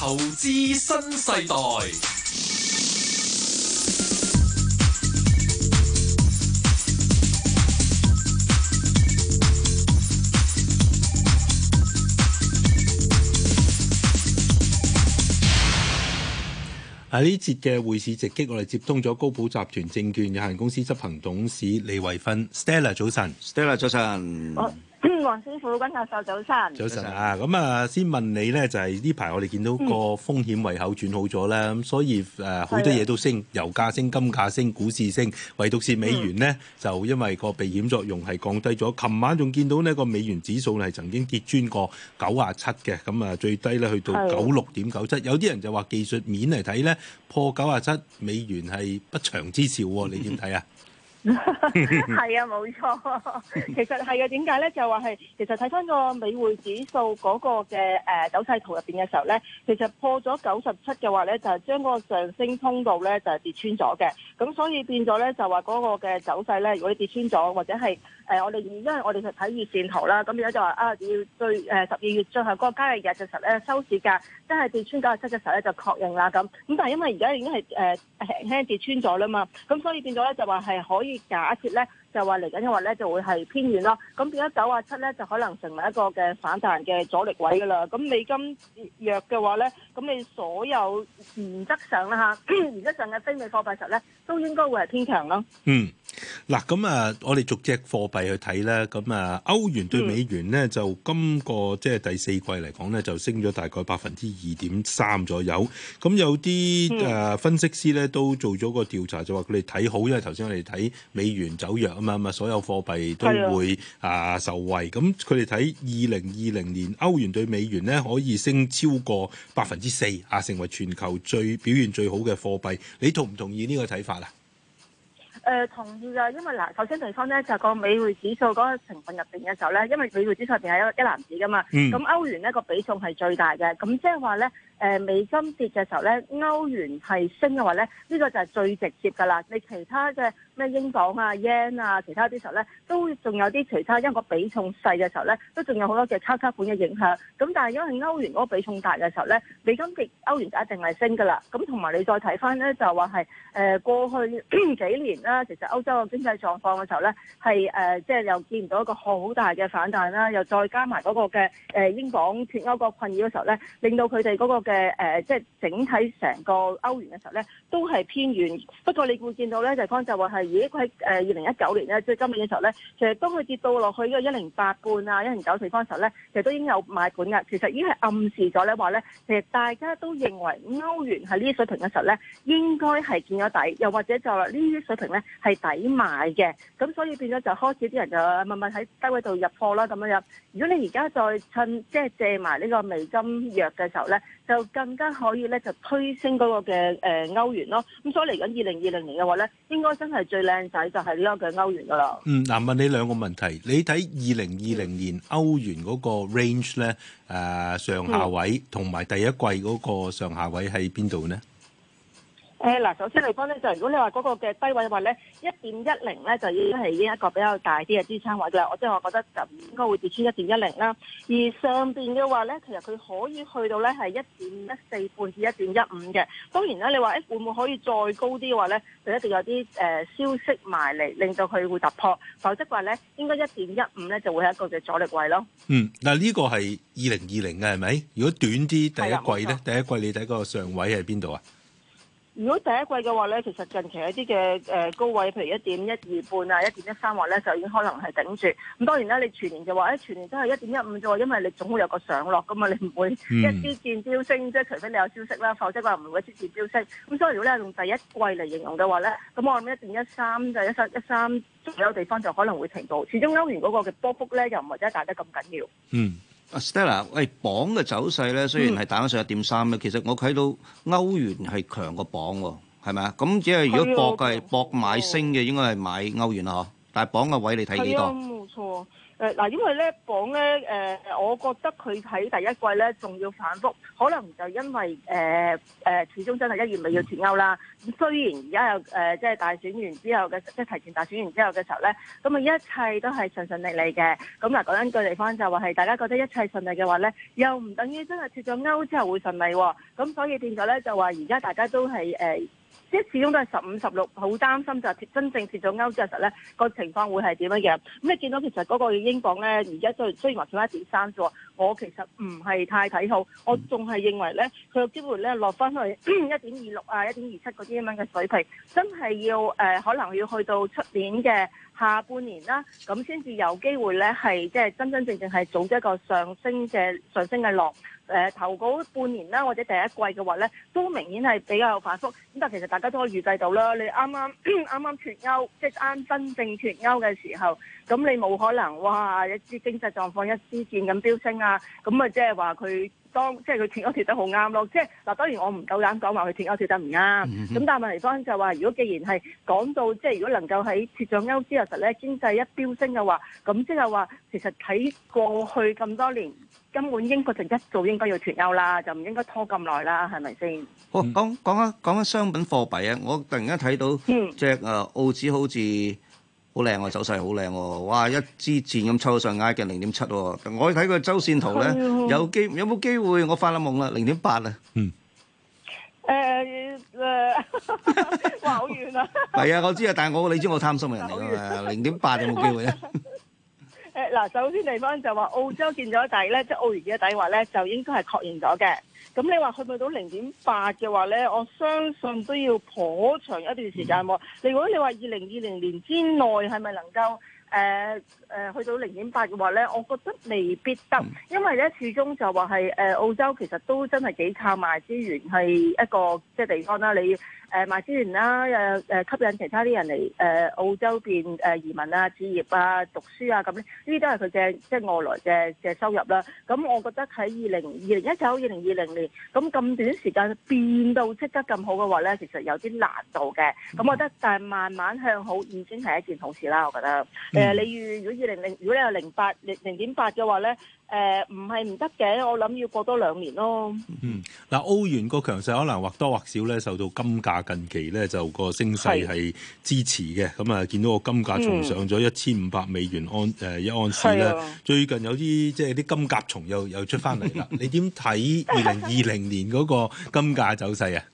投資新世代喺呢節嘅匯市直擊，我哋接通咗高寶集團證券有限公司執行董事李慧芬 Stella 早晨，Stella 早晨。Stella，早晨啊。黃師傅，君教授早晨。早晨上啊，咁啊，先問你咧，就係呢排我哋見到個風險胃口轉好咗啦。咁、嗯、所以誒好多嘢都升，的油價升、金價升、股市升，唯獨是美元咧，嗯、就因為個避險作用係降低咗。琴晚仲見到呢個美元指數係曾經跌穿過九啊七嘅，咁啊最低咧去到九六點九七。有啲人就話技術面嚟睇咧破九啊七美元係不祥之兆，你點睇啊？嗯。係 啊，冇錯。其實係啊，點解咧？就話係，其實睇翻個美匯指數嗰個嘅誒走勢圖入邊嘅時候咧，其實破咗九十七嘅話咧，就係將嗰個上升通道咧就係、是、跌穿咗嘅。咁所以變咗咧就話嗰個嘅走勢咧，如果你跌穿咗或者係誒、呃、我哋，因為我哋就睇月線圖啦。咁而家就話啊，要對誒十二月最後嗰個交易日嘅時候咧，收市價真係跌穿九十七嘅時候咧就確認啦。咁咁但係因為而家已經係誒輕輕跌穿咗啦嘛，咁所以變咗咧就話係可以。假設咧就話嚟緊，因為咧就會係偏軟啦，咁變咗九啊七咧就可能成為一個嘅反彈嘅阻力位噶啦。咁美金弱嘅話咧，咁你所有原則上啦吓，原則上嘅非美貨幣實咧都應該會係偏強啦。嗯。嗱，咁啊，我哋逐隻貨幣去睇啦，咁啊，歐元對美元咧就今個即係、就是、第四季嚟講咧，就升咗大概百分之二點三左右。咁有啲誒分析師咧都做咗個調查，就話佢哋睇好，因為頭先我哋睇美元走弱啊嘛，所有貨幣都會啊受惠。咁佢哋睇二零二零年歐元對美元咧可以升超過百分之四啊，成為全球最表現最好嘅貨幣。你同唔同意呢個睇法啊？誒、呃、同意㗎，因為嗱，首先地方咧就個、是、美匯指數嗰個成分入邊嘅時候咧，因為美匯指數入邊係一一籃子㗎嘛，咁歐、嗯、元咧個比重係最大嘅，咁即係話咧。誒美金跌嘅時候咧，歐元係升嘅話咧，呢個就係最直接㗎啦。你其他嘅咩英鎊啊、yen 啊，其他啲時候咧，都仲有啲其他，因為個比重細嘅時候咧，都仲有好多嘅交叉盤嘅影響。咁但係因為歐元嗰個比重大嘅時候咧，美金跌，歐元就一定係升㗎啦。咁同埋你再睇翻咧，就話係誒過去 幾年啦，其實歐洲嘅經濟狀況嘅時候咧，係誒即係又見唔到一個好大嘅反彈啦，又再加埋嗰個嘅英鎊脫歐個困擾嘅時候咧，令到佢哋嗰個嘅誒、呃，即係整體成個歐元嘅時候咧，都係偏軟。不過你會見到咧，就剛就話係，如果佢誒二零一九年咧，即係今年嘅時候咧，其實當佢跌到落去呢個一零八半啊、一零九四方嘅時候咧，其實都已經有買盤㗎。其實已係暗示咗咧，話咧，其實大家都認為歐元喺呢啲水平嘅時候咧，應該係見咗底，又或者就話呢啲水平咧係抵買嘅。咁所以變咗就開始啲人就慢慢喺低位度入貨啦，咁樣樣。如果你而家再趁即係借埋呢個微針藥嘅時候咧，就更加可以咧就推升嗰個嘅誒歐元咯，咁所以嚟緊二零二零年嘅話咧，應該真係最靚仔就係呢一個歐元噶啦。嗯，嗱，問你兩個問題，你睇二零二零年歐元嗰個 range 咧誒上下位，同埋第一季嗰個上下位喺邊度咧？誒嗱，首先嚟講咧，就如果你話嗰個嘅低位嘅話咧，一點一零咧就已經係已經一個比較大啲嘅支撐位啦。我即係我覺得就應該會跌穿一點一零啦。而上邊嘅話咧，其實佢可以去到咧係一點一四半至一點一五嘅。當然啦，你話誒會唔會可以再高啲嘅話咧，就一定有啲誒消息埋嚟，令到佢會突破。否則嘅話咧，應該一點一五咧就會係一個嘅阻力位咯。嗯，嗱呢個係二零二零嘅係咪？如果短啲第一季咧，第一季，第一季你睇個上位係邊度啊？如果第一季嘅話咧，其實近期一啲嘅誒高位，譬如一點一二半啊、一點一三或咧，就已經可能係頂住。咁當然啦，你全年就話咧，全年都係一點一五啫喎，因為你總會有個上落噶嘛，你唔會一支箭咁升，嗯、即係除非你有消息啦，否則嘅話唔會一支箭咁升。咁所以如果咧用第一季嚟形容嘅話咧，咁我諗一點一三就係一三一三，有地方就可能會停到。始終歐元嗰個嘅波幅咧，又唔係真係大得咁緊要。嗯。Stella，喂、哎，磅嘅走勢咧，雖然係打咗上一點三咧，其實我睇到歐元係強過磅喎，係咪啊？咁只係如果博嘅，博的買升嘅應該係買歐元啦嗬。但係磅嘅位你睇幾多？嗱、呃，因為咧講咧，誒、呃、我覺得佢喺第一季咧仲要反覆，可能就因為誒誒、呃呃，始終真係一月咪要脫歐啦。咁雖然而家又誒，即係大選完之後嘅，即係提前大選完之後嘅時候咧，咁啊一切都係順順利利嘅。咁嗱，講緊佢地方就話係大家覺得一切順利嘅話咧，又唔等於真係脫咗歐之後會順利喎、哦。咁所以變咗咧，就話而家大家都係誒。呃即係始終都係十五十六，好擔心就係真正脫咗歐之後實咧個情況會係點樣樣。咁你見到其實嗰個英鎊咧，而家都雖然話仲一點三啫喎，我其實唔係太睇好，我仲係認為咧佢有機會咧落翻去一點二六啊、一點二七嗰啲咁樣嘅水平，真係要誒、呃、可能要去到出年嘅下半年啦，咁先至有機會咧係即係真真正正係組織一個上升嘅上升嘅浪。誒、呃、投稿半年啦，或者第一季嘅話咧，都明顯係比較有反覆。咁但係其實大家都可以預計到啦，你啱啱啱啱脫歐，即係啱真正脫歐嘅時候。咁你冇可能哇一啲經濟狀況一啲線咁飆升啊！咁啊，即係話佢當即係佢脱歐脱得好啱咯，即係嗱，當然我唔夠膽講話佢脱歐脱得唔啱，咁但係問題方就話，如果既然係講到即係如果能夠喺脱咗歐之後實咧經濟一飆升嘅話，咁即係話其實睇過去咁多年，根本英國就一早應該要脱歐啦，就唔應該拖咁耐啦，係咪先？好，講講啊，講啊商品貨幣啊，我突然間睇到隻啊澳紙好似。好靚，啊，走勢好靚，哇！一支箭咁抽上，挨近零點七，我睇佢周線圖咧、哎呀，有機有冇機會？我發啦夢啦，零點八啊！嗯，誒誒，哇，好遠啊！係 啊，我知啊，但係我你知道我貪心嘅人嚟噶嘛，零點八有冇機會啊？ 嗱，首先地方就話澳洲見咗底咧，即係澳元嘅底位咧，就應該係確認咗嘅。咁你話去唔去到零點八嘅話咧，我相信都要頗長一段時間喎。嗯、如果你話二零二零年之內係咪能夠誒誒、呃呃、去到零點八嘅話咧，我覺得未必得，嗯、因為咧始終就話係誒澳洲其實都真係幾靠賣資源係一個即係、就是、地方啦，你要。誒賣資源啦，誒誒吸引其他啲人嚟誒澳洲邊誒移民啊、置業啊、讀書啊咁咧，呢啲都係佢嘅即係外來嘅嘅收入啦。咁我覺得喺二零二零一九、二零二零年，咁咁短時間變到即刻咁好嘅話咧，其實有啲難度嘅。咁我覺得，但係慢慢向好已經係一件好事啦。我覺得誒，你預如果二零零，如果你有零八零零點八嘅話咧，誒唔係唔得嘅，我諗要過多兩年咯。嗯，嗱，歐元個強勢可能或多或少咧受到金價，近期咧就個升勢係支持嘅，咁啊是見到個金價重上咗一千五百美元安誒一安士咧，的最近有啲即係啲金甲蟲又又出翻嚟啦， 你點睇二零二零年嗰個金價走勢啊？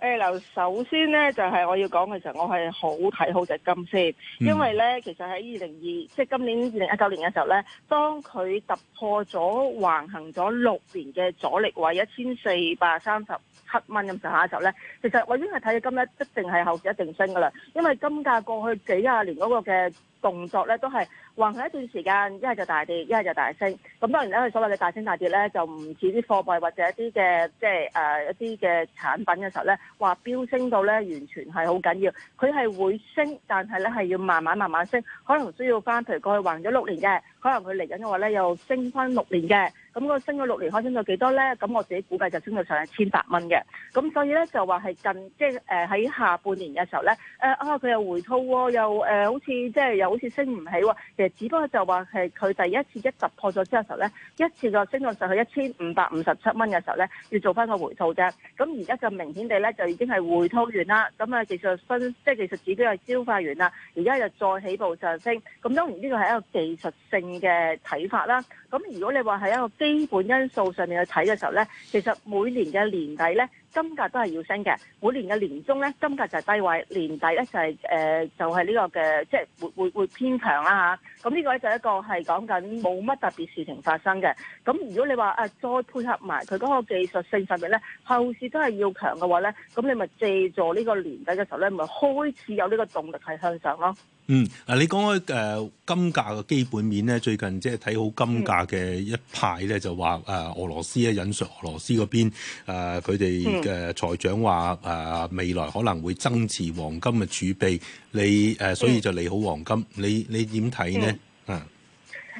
誒，嗱，首先咧就係、是、我要講嘅時候，我係好睇好隻金先，嗯、因為咧其實喺二零二即係今年二零一九年嘅時候咧，當佢突破咗橫行咗六年嘅阻力位一千四百三十。七蚊咁上下嘅時候咧，其實我已經係睇到今日一定係後期一定升㗎喇。因為金價過去幾廿年嗰個嘅動作咧，都係橫喺一段時間，一係就大跌，一係就大升。咁當然咧，佢所謂嘅大升大跌咧，就唔似啲貨幣或者一啲嘅即係誒、呃、一啲嘅產品嘅時候咧，話飆升到咧，完全係好緊要。佢係會升，但係咧係要慢慢慢慢升，可能需要翻譬如過去橫咗六年嘅，可能佢嚟緊嘅話咧又升翻六年嘅。咁佢升咗六年，可升到幾多咧？咁我自己估計就升到上千八蚊嘅。咁所以咧就話係近即係喺、呃、下半年嘅時候咧，誒、呃、啊佢又回吐喎，又誒、呃、好似即係又好似升唔起喎。其實只不過就話係佢第一次一突破咗之後嘅時候咧，一次就升到上去一千五百五十七蚊嘅時候咧，要做翻個回吐啫。咁而家就明顯地咧，就已經係回吐完啦。咁啊技術分即係技術指標係消化完啦，而家又再起步上升。咁當然呢個係一個技術性嘅睇法啦。咁如果你話係一個基本因素上面去睇嘅時候咧，其實每年嘅年底咧，金價都係要升嘅，每年嘅年中咧，金價就係低位，年底咧就係、誒、就係呢個嘅即係會，會，會偏強啦，咁呢個就一個係講緊冇乜特別事情發生嘅。咁、啊、如果你話啊再配合埋佢嗰個技術性上面咧，後市都係要強嘅話咧，咁你咪借助呢個年底嘅時候咧，咪開始有呢個動力係向上咯。嗯，嗱，你講開誒金價嘅基本面咧，最近即係睇好金價嘅一派咧，嗯、就話、呃、俄羅斯咧，引述俄羅斯嗰邊誒佢哋。呃嘅財長話啊，未來可能會增持黃金嘅儲備，你誒所以就利好黃金，你你點睇咧？嗯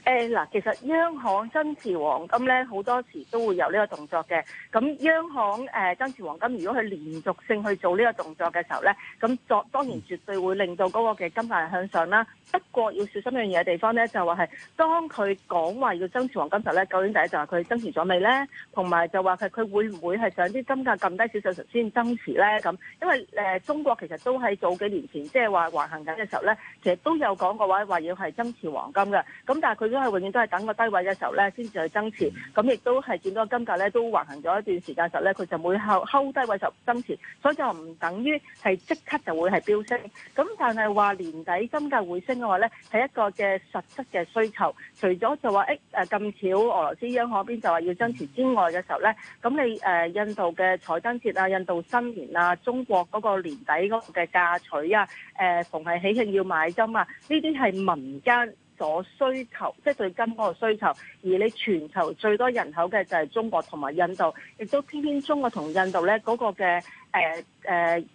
誒嗱、欸，其實央行增持黃金咧，好多時都會有呢個動作嘅。咁央行誒、呃、增持黃金，如果佢連續性去做呢個動作嘅時候咧，咁作當然絕對會令到嗰個嘅金價向上啦。不過要小心一樣嘢嘅地方咧，就話係當佢講話要增持黃金時候咧，究竟第一就話、是、佢增持咗未咧？同埋就話佢佢會唔會係想啲金價撳低少少先增持咧？咁因為誒、呃、中國其實都喺早幾年前，即係話橫行緊嘅時候咧，其實都有講過話話要係增持黃金嘅。咁但係佢。都係永遠都係等個低位嘅時候咧，先至去增持。咁、嗯、亦、嗯、都係見到金價咧都橫行咗一段時間嘅時候咧，佢就每後收低位就增持。所以就唔等於係即刻就會係飆升。咁但係話年底金價會升嘅話咧，係一個嘅實質嘅需求。除咗就話誒誒咁巧，俄羅斯央行嗰邊就話要增持之外嘅時候咧，咁你誒、呃、印度嘅財燈節啊、印度新年啊、中國嗰個年底嗰個嘅嫁娶啊、誒、呃、逢係喜慶要買金啊，呢啲係民間。所需求即係對今個需求，而你全球最多人口嘅就係中國同埋印度，亦都偏偏中國同印度咧嗰個嘅誒誒。那個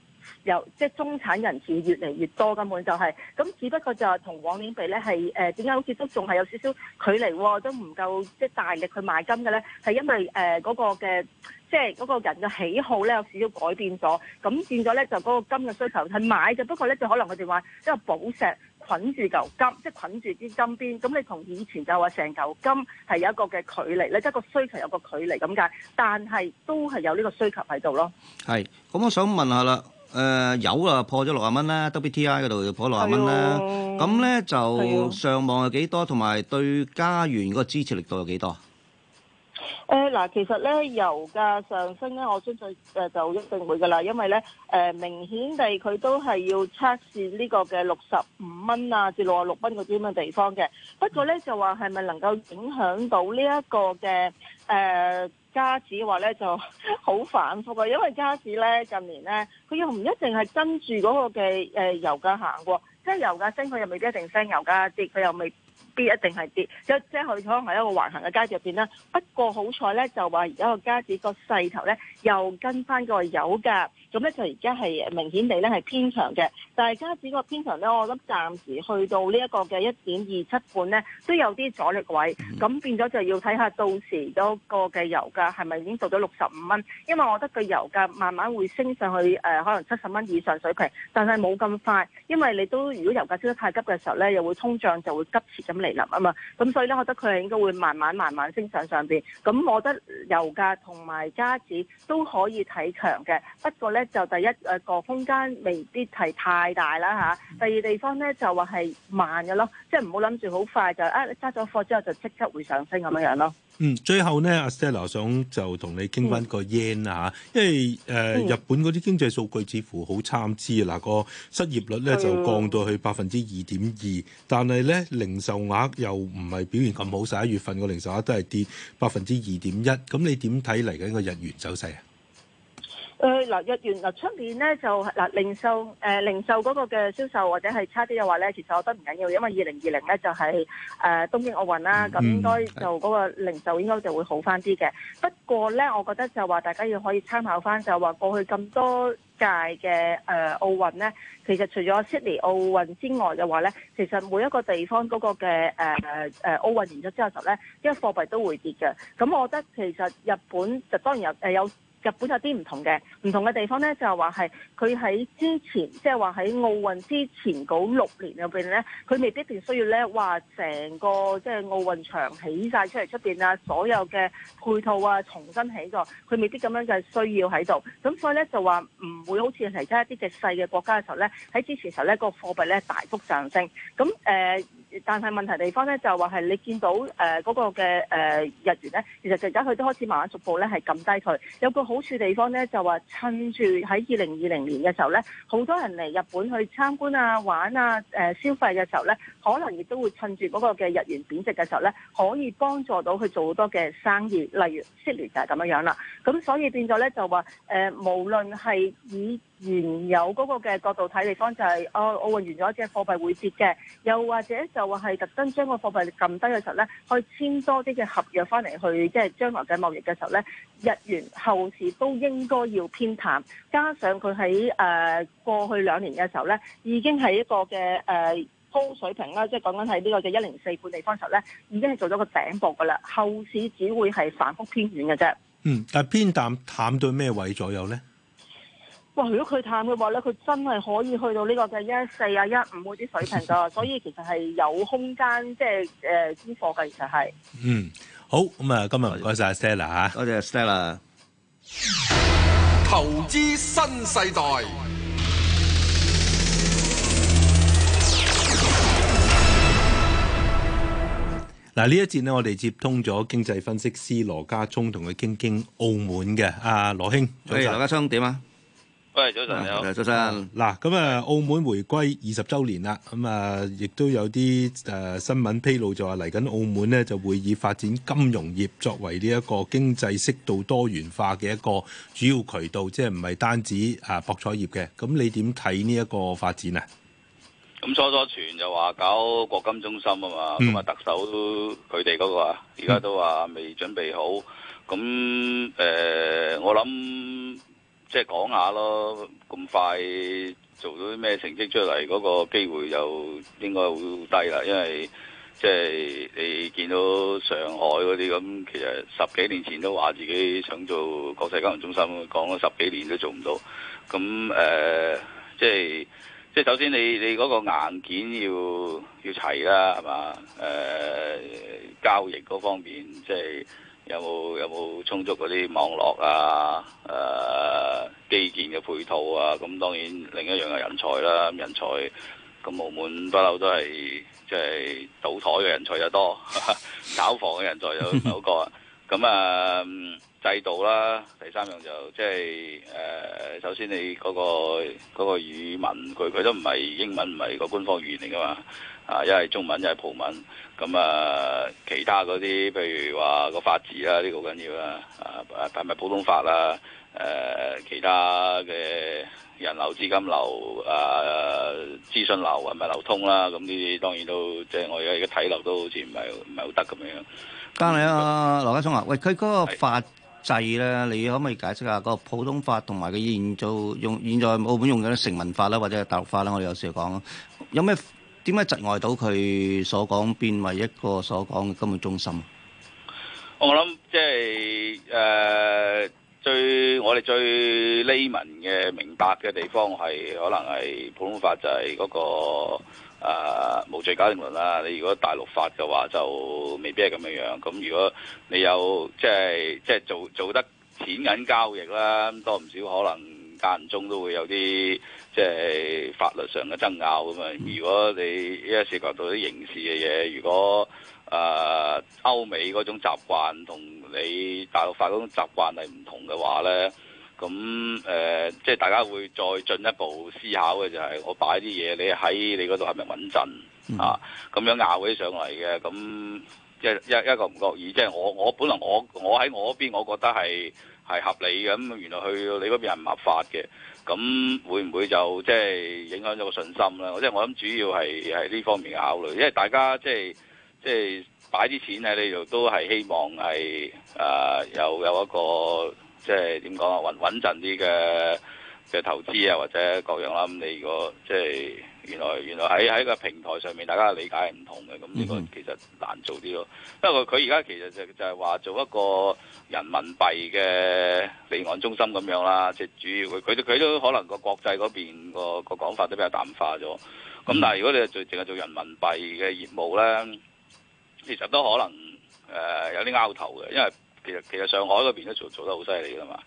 有即係中產人士越嚟越多根本就係咁。只不過就係同往年比咧，係誒點解好似都仲係有少少距離，都唔夠即係大力去買金嘅咧？係因為誒嗰個嘅即係嗰個人嘅喜好咧，有少少改變咗。咁變咗咧，就嗰個金嘅需求係買嘅。不過咧，就可能佢哋話因為寶石捆住嚿金，即係捆住啲金邊。咁你同以前就話成嚿金係有一個嘅距離咧，即係個需求有個距離咁解。但係都係有呢個需求喺度咯。係咁，我想問下啦。誒有啦，破咗六啊蚊啦，WTI 嗰度破六啊蚊啦。咁咧就上望係幾多？同埋對加元個支持力度有幾多？誒嗱，其實咧油價上升咧，我相信誒就一定會噶啦，因為咧誒明顯地佢都係要測試呢個嘅六十五蚊啊至六啊六蚊嗰啲咁嘅地方嘅。不過咧就話係咪能夠影響到呢一個嘅誒？加紙話咧就好反覆啊，因為加紙咧近年咧佢又唔一定係跟住嗰個嘅誒油價行喎，即係油價升佢又未必一定升，油價跌佢又，又未必一定係跌，即即佢可能係一個橫行嘅階段入邊啦。不過好彩咧，就話而家個加紙個勢頭咧又跟翻個油價，咁咧就而家係明顯地咧係偏強嘅。但係加紙個偏強咧，我諗暫時去到呢一個嘅一點二七半咧都有啲阻力位，咁變咗就要睇下到時嗰個嘅油價係咪已經到咗六十五蚊？因為我覺得個油價慢慢會升上去，誒、呃、可能七十蚊以上水平，但係冇咁快，因為你都如果油價升得太急嘅時候咧，又會通脹就會急切。咁。嚟啦啊嘛，咁所以咧，我覺得佢係應該會慢慢慢慢升上上邊。咁我覺得油價同埋加指都可以睇強嘅，不過咧就第一，誒、個空間未必係太大啦吓。第二地方咧就話係慢嘅咯，即係唔好諗住好快就啊揸咗貨之後就即刻會上升咁樣樣咯。嗯，最後咧阿 Stella 想就同你傾翻個 yen 啊。嗯、因為誒、呃嗯、日本嗰啲經濟數據似乎好參差啊，嗱、個失業率咧的就降到去百分之二點二，但係咧零售額又唔係表現咁好，十一月份個零售額都係跌百分之二點一，咁你點睇嚟緊個日元走勢啊？誒嗱，若、呃、然嗱出、呃、面咧就嗱、呃、零售、呃、零售嗰個嘅銷售或者係差啲嘅話咧，其實我覺得唔緊要，因為二零二零咧就係、是、誒、呃、東京奧運啦，咁、嗯、應該就嗰的個零售應該就會好翻啲嘅。不過咧，我覺得就話大家要可以參考翻，就話過去咁多屆嘅誒、呃、奧運咧，其實除咗悉尼奧運之外嘅話咧，其實每一個地方嗰個嘅誒誒奧運完咗之後咧，因為貨幣都會跌嘅。咁我覺得其實日本就當然有誒、呃、有。日本有啲唔同嘅，唔同嘅地方咧就係話係佢喺之前，即係話喺奧運之前嗰六年入邊咧，佢未必一定需要咧，話成個即係奧運場起晒出嚟出邊啊，所有嘅配套啊重新起過，佢未必咁樣嘅需要喺度。咁所以咧就話唔會好似其他一啲嘅細嘅國家嘅時候咧，喺之前的時候咧，個貨幣咧大幅上升。咁誒。呃但係問題地方咧，就話係你見到誒嗰、呃那個嘅、呃、日元咧，其實直接佢都開始慢慢逐步咧係撳低佢。有個好處地方咧，就話趁住喺二零二零年嘅時候咧，好多人嚟日本去參觀啊、玩啊、呃、消費嘅時候咧，可能亦都會趁住嗰個嘅日元貶值嘅時候咧，可以幫助到佢做好多嘅生意，例如悉尼就係咁樣樣啦。咁所以變咗咧，就話誒、呃，無論係以原有嗰個嘅角度睇地方、就是，就係哦，奧運完咗隻貨幣會跌嘅，又或者就。或係特登將個貨幣撳低嘅時候咧，可以簽多啲嘅合約翻嚟去，即係將來嘅貿易嘅時候咧，日元後市都應該要偏淡。加上佢喺誒過去兩年嘅時候咧，已經係一個嘅誒高水平啦，即係講緊喺呢個嘅一零四半地方嘅時候咧，已經係做咗個頂部㗎喇，後市只會係反覆偏軟嘅啫。嗯，但係偏淡淡到咩位左右咧？哇！如果佢探嘅話咧，佢真係可以去到呢個嘅一四啊一五嗰啲水平噶， 所以其實係有空間，即係誒沽貨嘅。其實係嗯好咁啊，今日唔該晒阿 Stella 吓，多謝 Stella。投資新世代嗱，呢一節呢，我哋接通咗經濟分析師羅家聰同佢傾傾澳門嘅阿羅兄。早晨，羅家聰點啊？喂，早晨，你好，早晨。嗱，咁啊，澳門回歸二十周年啦，咁啊，亦都有啲誒、呃、新聞披露就，就話嚟緊澳門咧，就會以發展金融業作為呢一個經濟適度多元化嘅一個主要渠道，即係唔係單止啊博彩業嘅。咁你點睇呢一個發展啊？咁初初傳就話搞國金中心啊嘛，咁啊、嗯、特首佢哋嗰個而家都話未準備好。咁誒、呃，我諗。即係講下咯，咁快做到啲咩成績出嚟，嗰、嗰個機會又應該會好低啦。因為即係你見到上海嗰啲咁，其實十幾年前都話自己想做國際金融中心，講咗十幾年都做唔到。咁誒，即係即係首先你你嗰個硬件要要齊啦，係嘛？誒、呃、交易嗰方面即係。就是有冇有冇充足嗰啲網絡啊？誒、啊、基建嘅配套啊？咁當然另一樣嘅人才啦，人才咁澳門不嬲都係即係賭枱嘅人才又多， 炒房嘅人才又有一個，咁啊制度啦。三樣就即係誒，首先你嗰、那個嗰、那個、語文，佢佢都唔係英文，唔係個官方語言嚟噶嘛？啊，一係中文，一係葡文。咁啊，其他嗰啲，譬如話、這個法治啦，呢個好緊要啦。啊啊，係、就、咪、是、普通法啦？誒、啊，其他嘅人流、資金流、啊資訊流係咪流通啦？咁呢啲當然都即係、就是、我而家睇落都好似唔係唔係好得咁樣。你啊，羅家聰啊，喂，佢嗰個法制咧，你可唔可以解釋下，個普通法同埋佢現在用現在澳門用緊嘅成文法啦，或者大陸法啦？我哋有時講，有咩點解窒礙到佢所講變為一個所講嘅金融中心？我諗即係誒。呃最我哋最匿 e 嘅明白嘅地方係可能係普通法，就係嗰，那個啊、呃、無罪假定論啦。你如果大陸法嘅話就未必係咁樣樣。咁如果你有即係即係做做得錢銀交易啦，多唔少可能間中都會有啲即係法律上嘅爭拗咁嘛。如果你一家涉及到啲刑事嘅嘢，如果誒、啊、歐美嗰種習慣同你大陸法嗰種習慣係唔同嘅話呢，咁誒、呃、即係大家會再進一步思考嘅就係我擺啲嘢你喺你嗰度係咪穩陣啊？咁樣拗起上嚟嘅，咁一一一個唔覺意，即係、就是、我我本來我我喺我嗰邊，我覺得係係合理嘅，咁原來去到你嗰邊係唔合法嘅，咁會唔會就即係影響咗個信心呢？即係我諗主要係係呢方面嘅考慮，因為大家即係。即係擺啲錢喺呢度，都係希望係啊，又、呃、有，有一個即係點講啊，穩穩陣啲嘅嘅投資啊，或者各樣啦。咁你個即係原來原來喺喺個平台上面，大家理解係唔同嘅。咁、嗯、呢、這個其實難做啲咯。不過佢而家其實就是、就係、是、話做一個人民幣嘅離岸中心咁樣啦，即主要佢佢都佢都可能個國際嗰邊個個講法都比較淡化咗。咁、嗯、但係如果你係做淨係做人民幣嘅業務咧。其實都可能誒、呃、有啲拗頭嘅，因為其實其實上海嗰邊都做做得好犀利噶喇嘛。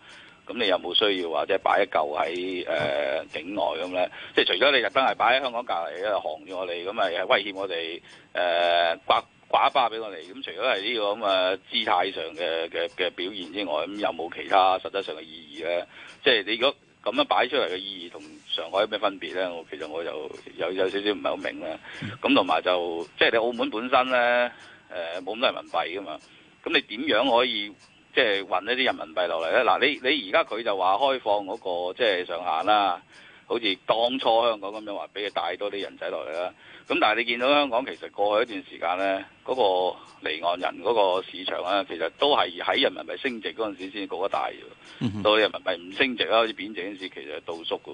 咁你有冇需要或者擺一嚿喺誒境外咁咧？即係除咗你特登係擺喺香港隔離喺度行住我哋，咁啊又威脅我哋誒刮刮一巴俾我哋。咁除咗係呢個咁嘅姿態上嘅嘅嘅表現之外，咁有冇其他實質上嘅意義咧？即係你如果。咁樣擺出嚟嘅意義同上海有咩分別咧？我其實我有有有有有就有有少少唔係好明啦。咁同埋就即係你澳門本身咧，冇、呃、咁多人民幣噶嘛，咁你點樣可以即係運一啲人民幣落嚟咧？嗱，你你而家佢就話開放嗰、嗰個即係上限啦、啊。好似當初香港咁樣話，俾佢帶多啲人仔落嚟啦。咁但係你見到香港其實過去一段時間呢，嗰個離岸人嗰個市場呢，其實都係喺人民幣升值嗰陣時先過得大。到人民幣唔升值啦，好似貶值嗰陣時，其實係倒縮嘅。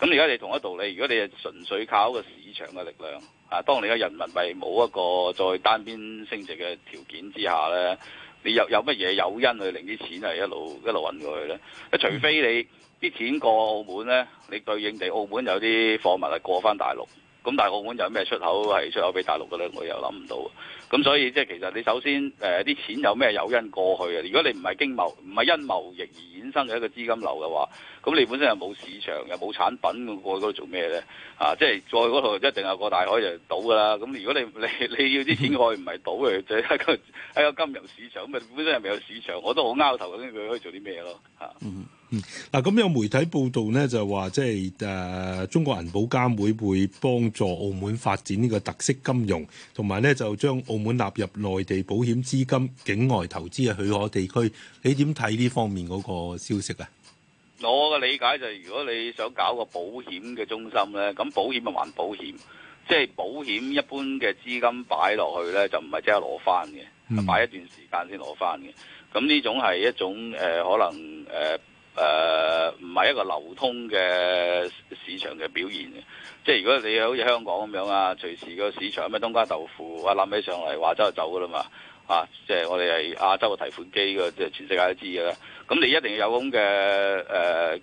咁而家你同一道理，如果你係純粹靠個市場嘅力量啊，當你嘅人民幣冇一個再單邊升值嘅條件之下呢，你有有乜嘢誘因去令啲錢係一路一路揾過去呢？除非你。啲錢過澳門呢，你對應地澳門有啲貨物係過翻大陸，咁但係澳門有咩出口係出口俾大陸嘅呢？我又諗唔到，咁所以即係其實你首先，誒啲錢有咩誘因過去啊？如果你唔係經貿，唔係因貿易而衍生嘅一個資金流嘅話。咁你本身又冇市場，又冇產品，過去嗰度做咩咧？啊，即係再嗰度一定係過大海就賭噶啦。咁如果你你你要啲錢去唔係賭嘅，即係一個一個金融市場咁啊，本身係咪有市場？我都好撓頭嘅，跟住可以做啲咩咯？嚇，嗯嗯。嗱，咁有媒體報道咧，就話即係誒中國銀保監會會幫助澳門發展呢個特色金融，同埋咧就將澳門納入內地保險資金境外投資嘅許可地區。你點睇呢方面嗰個消息啊？我嘅理解就係，如果你想搞個保險嘅中心呢，咁保險咪還保險，即係保險一般嘅資金擺落去呢，就唔係即刻攞翻嘅，擺、嗯、一段時間先攞翻嘅。咁呢種係一種誒、呃，可能誒誒唔係一個流通嘅市場嘅表現嘅。即係如果你好似香港咁樣啊，隨時個市場咩冬瓜豆腐啊，諗起上嚟話走就走噶啦嘛。啊！即係我哋係亞洲嘅提款機嘅，個即係全世界都知嘅。咁你一定要有咁嘅誒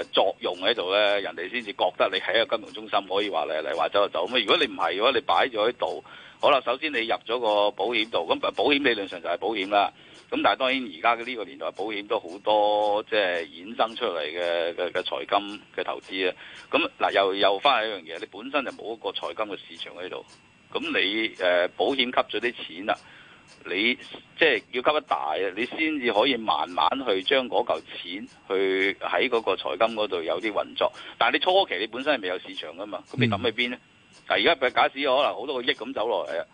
誒作用喺度咧，人哋先至覺得你係一個金融中心。可以話嚟嚟，話走就走咁。如果你唔係嘅話，如果你擺咗喺度，好啦，首先你入咗個保險度，咁保險理論上就係保險啦。咁但係當然而家嘅呢個年代，保險都好多即係衍生出嚟嘅嘅嘅財金嘅投資啊。咁嗱，又又翻去一樣嘢，你本身就冇一個財金嘅市場喺度，咁你誒保險吸咗啲錢啦。你即係要吸得大啊，你先至可以慢慢去將嗰嚿錢去喺嗰個財金嗰度有啲運作。但係你初期你本身係未有市場噶嘛，咁你抌去邊咧？嗱、嗯，而家假使可能好多個億咁走落嚟啊，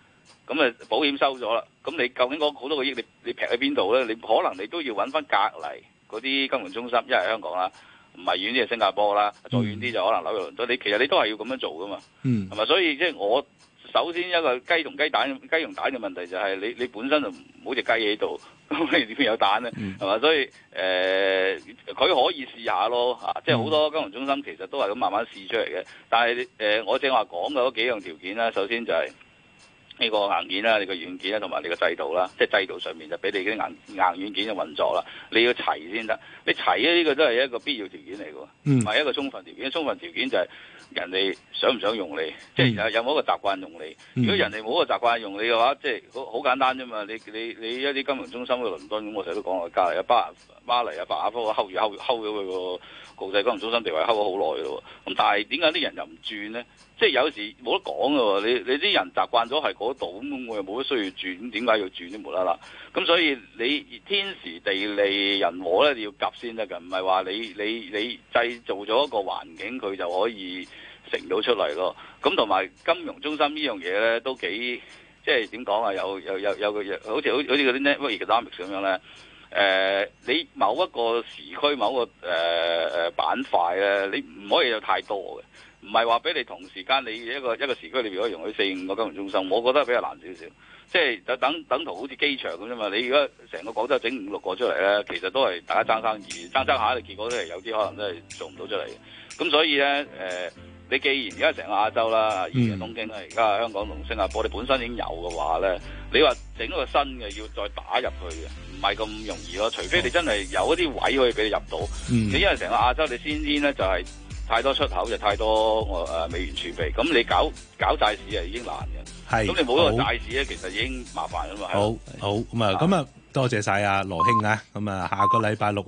咁啊保險收咗啦，咁你究竟嗰好多個億你你撇喺邊度咧？你可能你都要揾翻隔籬嗰啲金融中心，一係香港啦，唔係遠啲就新加坡啦，再遠啲就可能紐約倫敦。你其實你都係要咁樣做噶嘛，嗯，係咪？所以即係我。首先，一個雞同雞蛋雞同蛋嘅問題就係你你本身就冇隻雞嘢喺度，咁 你點有蛋咧？係嘛、mm.？所以誒，佢、呃、可以試下咯嚇，啊 mm. 即係好多金融中心其實都係咁慢慢試出嚟嘅。但係誒、呃，我正話講嘅嗰幾樣條件啦、啊，首先就係、是。呢個硬件啦，你個軟件啦，同埋你個制度啦，即係制度上面就俾你啲硬硬軟件嘅運作啦。你要齊先得，你齊呢個都係一個必要條件嚟嘅，唔係一個充分條件。充分條件就係人哋想唔想用你，即係有有冇一個習慣用你。如果人哋冇一個習慣用你嘅話，即係好好簡單啫嘛。你你你一啲金融中心嘅倫敦咁，我成日都講話隔籬啊巴巴黎啊，巴亞夫啊，蝦魚蝦蝦咗佢個。國際金融中心地位蝦咗好耐咯喎，咁但係點解啲人又唔轉呢？即係有時冇得講嘅喎，你你啲人習慣咗喺嗰度，咁我又冇乜需要轉，點解要轉都冇啦啦？咁所以你天時地利人和咧你要夾先得嘅，唔係話你你你製造咗一個環境佢就可以成到出嚟咯。咁同埋金融中心呢樣嘢呢，都幾即係點講啊？有有有有個好似好似嗰啲 network economics 咁樣呢、呃、你某一個時區某個、呃誒、呃，板塊咧，你唔可以有太多嘅，唔係話俾你同時間你一個一個時區裡邊，可以容許四五個金融中心，我覺得比較難少少，即係就等等同好似機場咁啫嘛。你而家成個廣州整五六個出嚟咧，其實都係大家爭生意，爭爭下，結果都係有啲可能都係做唔到出嚟。咁所以咧，誒、呃，你既然而家成個亞洲啦，以前東京啦，而家香港同星啊，我哋本身已經有嘅話咧，你話整個新嘅要再打入去嘅。唔係咁容易咯，除非你真係有一啲位可以俾你入到。你因為成個亞洲你先天咧，就係太多出口就太多我誒美元儲備，咁你搞搞債市啊已經難嘅。係，咁你冇一個債市咧，其實已經麻煩啊嘛。好，好，咁啊，咁啊，多謝曬啊羅兄啊，咁啊，下個禮拜六我。